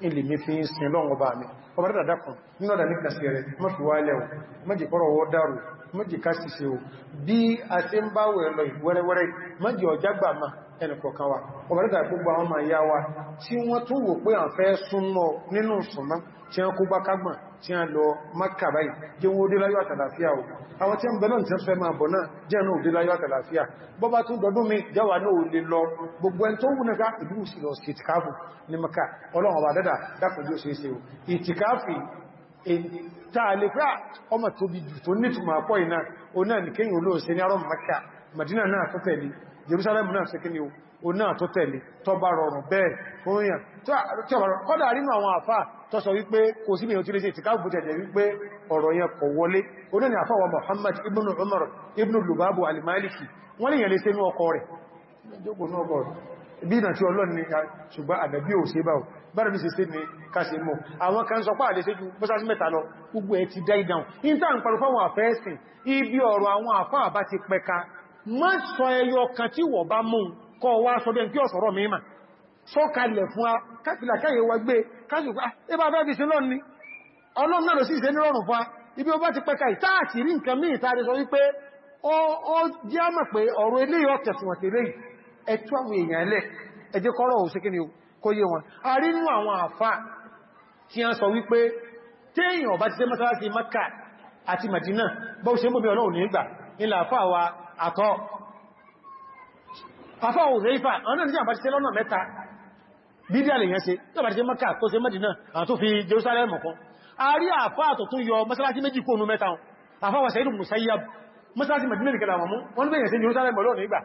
ilé mi fi ń sin lọ́wọ́ bá mi ọmọ rẹ̀ dàdákùn nínú ọ̀dà nípa sí rẹ̀ mọ́sù wá ilẹ̀ o mọ́jì kọ́rọ̀ wọ́ dárò mọ́jì ká sì ṣe o bí a ṣe ń bá wẹ̀ lọ ìwẹ́rẹ́wẹ́rẹ́ mọ́jì ọjá gbà má tí a lọ Makka báyìí jẹ́ wọ́n dé láyọ̀ àtàlàfíà o àwọn tí a ń bẹ̀lọ́n tí a fẹ́ máa bọ̀ náà jẹ́ náà dé láyọ̀ àtàlàfíà bọ́bá tún dọdún mi jáwà náà lè lọ gbogbo ẹn tó wùn nípa ìlú ìsìlọ̀ ìtìkáfù ní Makka ọlọ́run ọba dẹ́dà dákùnjú Madina náà tó tẹ̀lé Jerusalem náà sẹ́kẹ́ náà tó tẹ̀lé tọba rọrùn bẹ́ẹ̀ oríyàn tí ọ̀rọ̀ kọ́dà rínú àwọn àfá tó sọ wípé kò sí mìíràn tí lè ṣe ìtìkáàbù tẹ̀lẹ̀ wípé ọ̀rọ̀ yẹn kò wọlé Muhammad ibn Umar ibn Lubabu al-Maliki wọ́n lè yẹn lè ṣe ní ọkọ̀ rẹ̀ bí ìdàtí ọlọ́ni ṣùgbọ́n àdàbí ò ṣe báwọ̀ bára bí ṣe ṣe ní káṣe mọ̀ àwọn kan sọ pàà lè ṣe jù ibi ọ̀rọ̀ àwọn àfáà bá ti pẹka má sọ ẹyọ kan tí wọ́n bá mú kọ́ wá sọ́bẹ̀ kí ọ̀sọ̀rọ̀ mímà sọ́kalẹ̀ fún a káfìlà káyẹ wa gbé káṣùkwá ẹbá fẹ́ fi sí lọ́n ni ọlọ́run náà ló sì ṣe ní rọrùn fún a ibi ó bá ti pẹ́ka ìtaàtì rí nǹkan míì tààrí sọ wípé ó jẹ́ àmà pé ọ̀rọ̀ ilé ọ̀tẹ̀tùwọ̀tẹ̀lẹ́ ẹ̀tú àwọn èèyàn ẹlẹ́ ẹjẹ́ kọ́rọ̀ ò sí kí ni kó yé wọn a àti Màdínà bọ́ ṣe ń bóbi ọlọ́run nígbà ilẹ̀ àfà wa àtọ́ àfá òzèífà ọ̀nà ìjẹ́ àbáṣẹ́ lọ́nà mẹ́ta bíbí àlèyàn ṣe tó bá ṣe Mẹ́kà tó ṣe Mẹ́dínà àti tó fi Jerusalem kan a rí àfá tó tún yọ mọ́sálásí méjì kó nú mẹ́ta àfá wa Sayyid ibn Musayyab mọ́sálásí Mẹ́dínà nìkan àwọn mú Jerusalem lónà ìgbà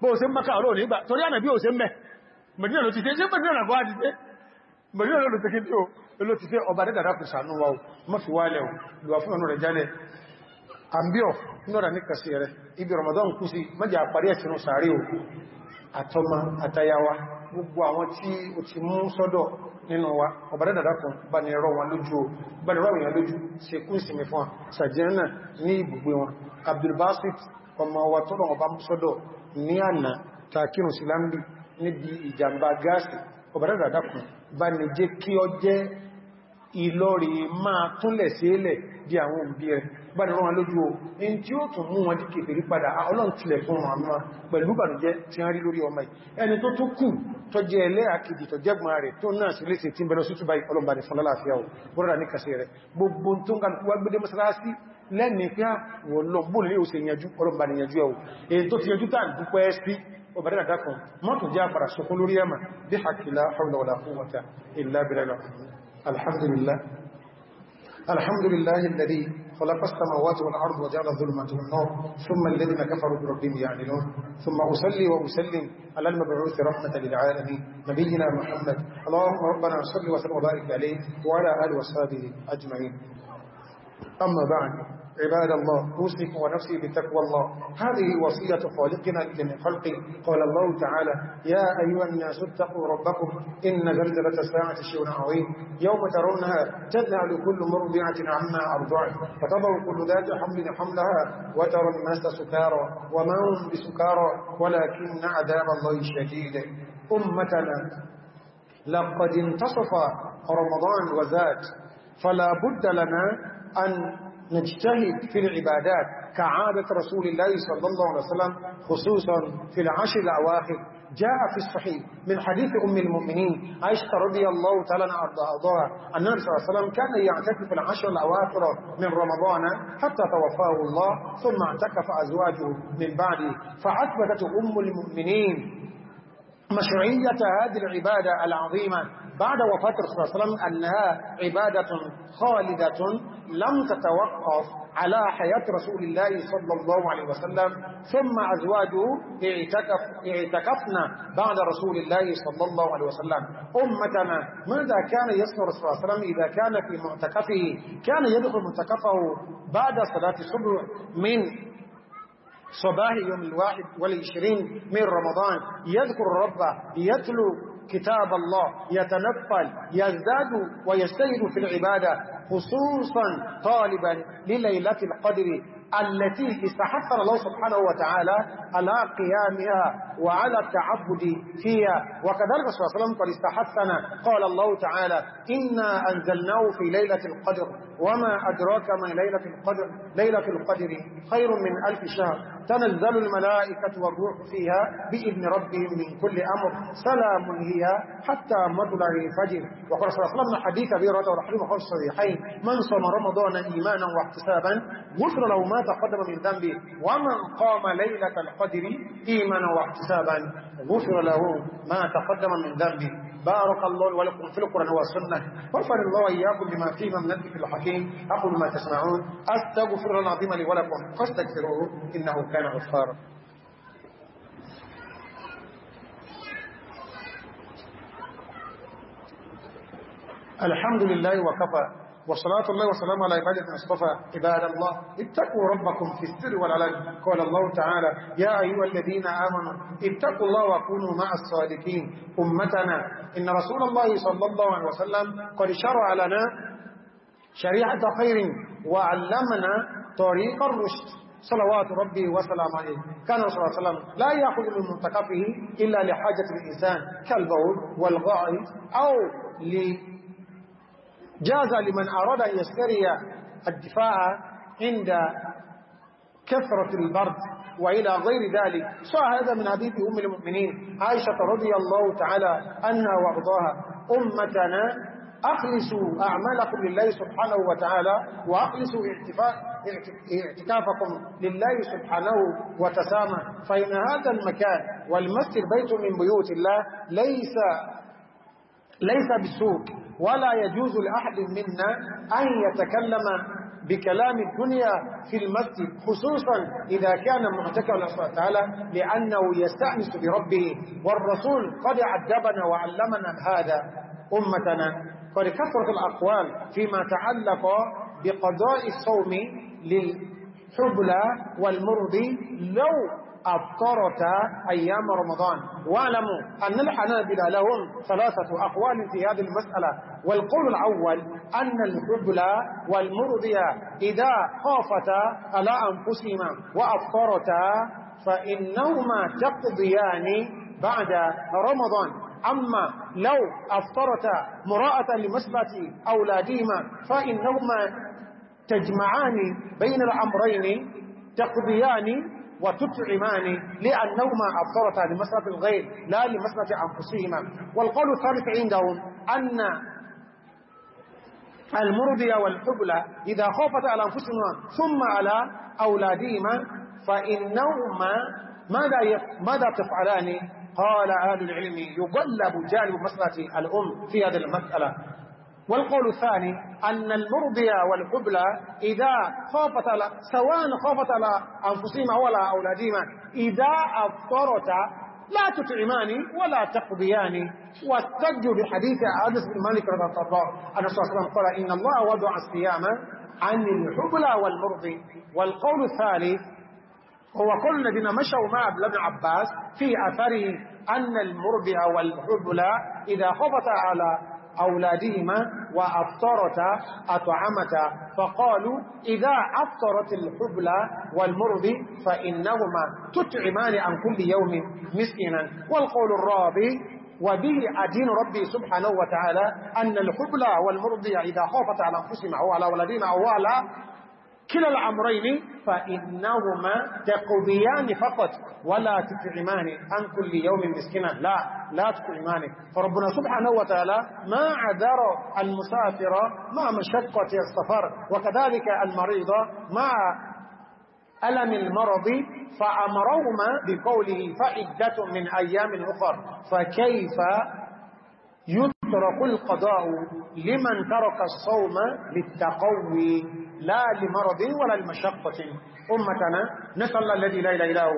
bó ṣe Mẹ́kà lónà ìgbà torí ànàbí ò ṣe mẹ́ Mẹ́dínà ló ti ṣe Mẹ́dínà ló ti ṣe Mẹ́dínà ló ti ṣe ọba dẹ́dàdà kùsànú wa mọ́fíwálẹ̀ lùwà fún ọ̀nà rẹ̀ jálẹ̀ àmbíọ̀ nọ́ra ní kàṣí rẹ̀ ibi Ramadan kú sí mẹ́jẹ̀ àparí ẹ̀sìnú sàárè ò àtọ́mà àtayáwá gbogbo àwọn tí ó ti mú sọ́dọ̀ nínú wa ọ̀bàdá dàdá kan bá ní ẹ̀rọ wọn lójú bá ní ráwìyàn lójú Abdulbasit ọmọ wa tọ́lọ̀ ọba sọ́dọ̀ ní àná silambi níbi ìjàmbá gáàsì ọ̀bàdá dàdá kan bá ní jẹ́ kí ọ jẹ́ di àwọn òbí rẹ̀ báni rán lójú o in tí ó tún mú wọn díkẹ̀ fèrí padà ọlọ́n tilẹ̀ fún wọn àmà pẹ̀lú bànújẹ́ tí wọ́n rí lórí ọmọ ẹni tó tún kù tó jẹ́ ẹlẹ́ àkìdì tó jẹ́gbọ́n rẹ̀ tó náà sí léṣe tí ń bẹ̀rẹ̀ sútù báyìí ọlọ́mbàní fún lálàáfíà ò bọ́rọ̀ ní kàṣẹ rẹ̀ gbogbo tó ń kàlùkù wágbédé mọ́sálásí lẹ́ni ما تجابر حول ولا قوة إلا بالله الحمد لله الحمد لله الذي خلق السماوات والأرض وجعل الظلمات والنور ثم الذين كفروا بربهم يعلنون ثم أصلي وأسلم على المبعوث رحمة للعالمين نبينا محمد اللهم ربنا صل وسلم وبارك عليه وعلى آله وصحبه أجمعين أما بعد عباد الله أوصيكم ونفسي بتقوى الله هذه وصية خالقنا لخلقه قال الله تعالى يا أيها الناس اتقوا ربكم إن زلزلة الساعة شيء عظيم يوم ترونها تذهل كل مرضعة عما أرضعت وتضع كل ذات حمل حملها وترى الناس سكارى وما هم بسكارى ولكن عذاب الله شديد أمتنا لقد انتصف رمضان وزاد فلا بد لنا أن نجتهد في العبادات كعادة رسول الله صلى الله عليه وسلم خصوصا في العشر الأواخر جاء في الصحيح من حديث أم المؤمنين عائشة رضي الله تعالى أن النبي صلى الله عليه وسلم كان يعتكف العشر الأواخر من رمضان حتى توفاه الله ثم اعتكف أزواجه من بعده فأثبتت أم المؤمنين مشروعية هذه العبادة العظيمة بعد وفاة الرسول صلى الله عليه وسلم أنها عبادة خالدة لم تتوقف على حياة رسول الله صلى الله عليه وسلم ثم أزواجه اعتكف اعتكفنا بعد رسول الله صلى الله عليه وسلم أمتنا ماذا كان يصنع رسول الله صلى الله عليه وسلم إذا كان في معتكفه كان يدخل معتكفه بعد صلاة الصبح من صباح يوم الواحد والعشرين من رمضان يذكر ربه يتلو كتاب الله يتنفل يزداد ويجتهد في العبادة خصوصا طالبا لليلة القدر التي استحفر الله سبحانه وتعالى على قيامها وعلى التعبد فيها وكذلك صلى الله عليه وسلم قد استحفنا قال الله تعالى إنا أنزلناه في ليلة القدر وما أدراك ما ليلة القدر ليلة القدر خير من ألف شهر تنزل الملائكة والروح فيها بإذن ربهم من كل أمر سلام هي حتى مطلع الفجر وقال صلى الله عليه وسلم حديث أبي رضا خلص صحيحين من صم رمضان إيمانا واحتسابا غفر له ما ما تقدم من ذنبه ومن قام ليلة القدر إيمانا واحتسابا غفر له ما تقدم من ذنبه بارك الله ولكم في القرآن والسنة وفر الله إياكم بما فيه من نبي في الحكيم أقول ما تسمعون أستغفر العظيم لي ولكم فاستغفروه إنه كان غفارا الحمد لله وكفى وصلاة الله وسلامه على عبادة أصطفى عباد الله اتقوا ربكم في السر والعلن قال الله تعالى يا أيها الذين آمنوا اتقوا الله وكونوا مع الصادقين أمتنا إن رسول الله صلى الله عليه وسلم قد شرع لنا شريعة خير وعلمنا طريق الرشد صلوات ربي وسلام عليه كان رسول الله صلى الله عليه وسلم لا يأخذ من منتقفه إلا لحاجة الإنسان كالبول والغائط أو لحاجة جاز لمن أراد أن يستري الدفاع عند كثرة البرد وإلى غير ذلك صح هذا من حديث أم المؤمنين عائشة رضي الله تعالى أنها وأرضاها أمتنا أخلصوا أعمالكم لله سبحانه وتعالى وأخلصوا اعتكافكم لله سبحانه وتسامى فإن هذا المكان والمسجد بيت من بيوت الله ليس ليس بسوء ولا يجوز لأحد منا أن يتكلم بكلام الدنيا في المسجد خصوصا إذا كان معتكى الله سبحانه وتعالى لأنه يستأنس بربه والرسول قد عدبنا وعلمنا هذا أمتنا فلكثرة الأقوال فيما تعلق بقضاء الصوم للحبلى والمرض لو أفطرت أيام رمضان واعلموا أن الحنابلة لهم ثلاثة أقوال في هذه المسألة والقول الأول أن الحبلى والمرضية إذا خافتا على أنفسهما وأفطرتا فإنهما تقضيان بعد رمضان أما لو أفطرتا مراءة لمسبة أولادهما فإنهما تجمعان بين الأمرين تقضيان وتطعمان لأنهما أبصرتا لمسلة الغير لا لمسلة أنفسهما والقول الثالث عندهم أن المرضية والحبلة إذا خوفت على أنفسهما ثم على أولادهما فإنهما ماذا, ماذا تفعلان قال أهل العلم يقلب جانب مسألة الأم في هذه المسألة والقول الثاني أن المرضية والحبلى إذا خافت على سواء خافت على أنفسهما ولا أولادهما إذا أفطرتا لا تطعمان ولا تقضيان واحتج بحديث عادس بن مالك رضي الله عنه أن صلى الله عليه وسلم قال إن الله وضع الصيام عن الحبلى والمرضي والقول الثالث هو كل الذين مشوا مع ابن عباس في أثره أن المرضي والحبلى إذا خفت على أولادهما وأفطرتا أطعمتا فقالوا إذا أفطرت الحبلى والمرض فإنهما تطعمان عن كل يوم مسكنا والقول الرابع وبه أدين ربي سبحانه وتعالى أن الحبلى والمرض إذا خافت على أنفسهم أو على أولادهما أو على كلا الأمرين فإنهما تقضيان فقط ولا تطعمان عن كل يوم مسكنا لا لا تطعمان فربنا سبحانه وتعالى ما عذر المسافر مع مشقة السفر وكذلك المريض مع ألم المرض فأمرهما بقوله فعدة من أيام أخر فكيف يترك القضاء لمن ترك الصوم للتقوي لا لمرض ولا لمشقة أمتنا نسأل الذي لا إله إلا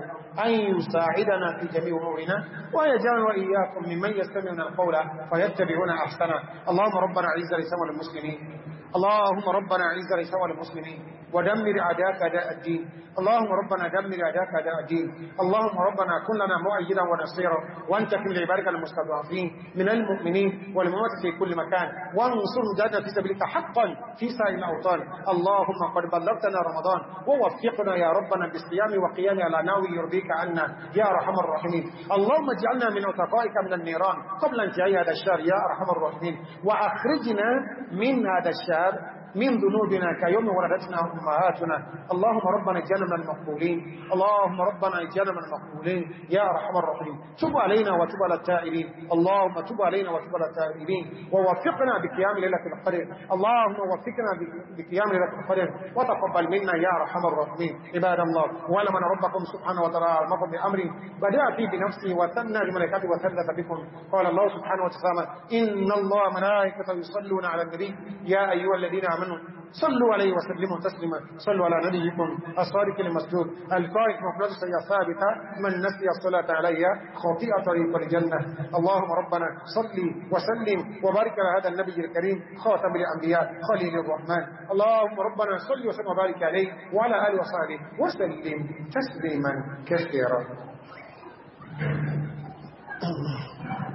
أن يساعدنا في جميع أمورنا ويجعل وإياكم ممن يستمعون القول فيتبعنا أحسنه اللهم ربنا عز لسوى المسلمين اللهم ربنا عز لسوى المسلمين ودمر أعداءك أداء الدين اللهم ربنا دمر أعداءك أداء الدين اللهم ربنا كن لنا مؤيدا ونصيرا وأنت من عبادك المستضعفين من المؤمنين والمؤمنات في كل مكان وانصر مجاهدنا في سبيلك حقا في سائر الأوطان اللهم قد بلغتنا رمضان ووفقنا يا ربنا بالصيام وقيام على ناوي يرضيك عنا يا أرحم الراحمين اللهم اجعلنا من عتقائك من النيران قبل انتهاء هذا الشهر يا أرحم الراحمين وأخرجنا من هذا الشهر من ذنوبنا كيوم ولدتنا أمهاتنا اللهم ربنا اجعلنا من المقبولين اللهم ربنا اجعلنا من المقبولين يا رحم الرحيم تب علينا وتب على التائبين اللهم تب علينا وتب على التائبين ووفقنا بقيام ليلة القدر اللهم وفقنا بقيام ليلة القدر وتقبل منا يا رحم الرحيم عباد الله ولمن ربكم سبحانه وتعالى علمكم بأمر بدأ فيه بنفسه وثنى لملكاته وثلث بكم قال الله سبحانه وتعالى إن الله ملائكة يصلون على النبي يا أيها الذين آمنوا صلوا عليه وسلموا تسليما صلوا على نبيكم الصادق المسجود الفائت مخلص سيئة ثابتة من نسي الصلاة علي خطيئة طريق الجنة اللهم ربنا صلي وسلم وبارك على هذا النبي الكريم خاتم الأنبياء خليل الرحمن اللهم ربنا صلي وسلم وبارك عليه وعلى آله وصحبه وسلم تسليما كثيرا Oh,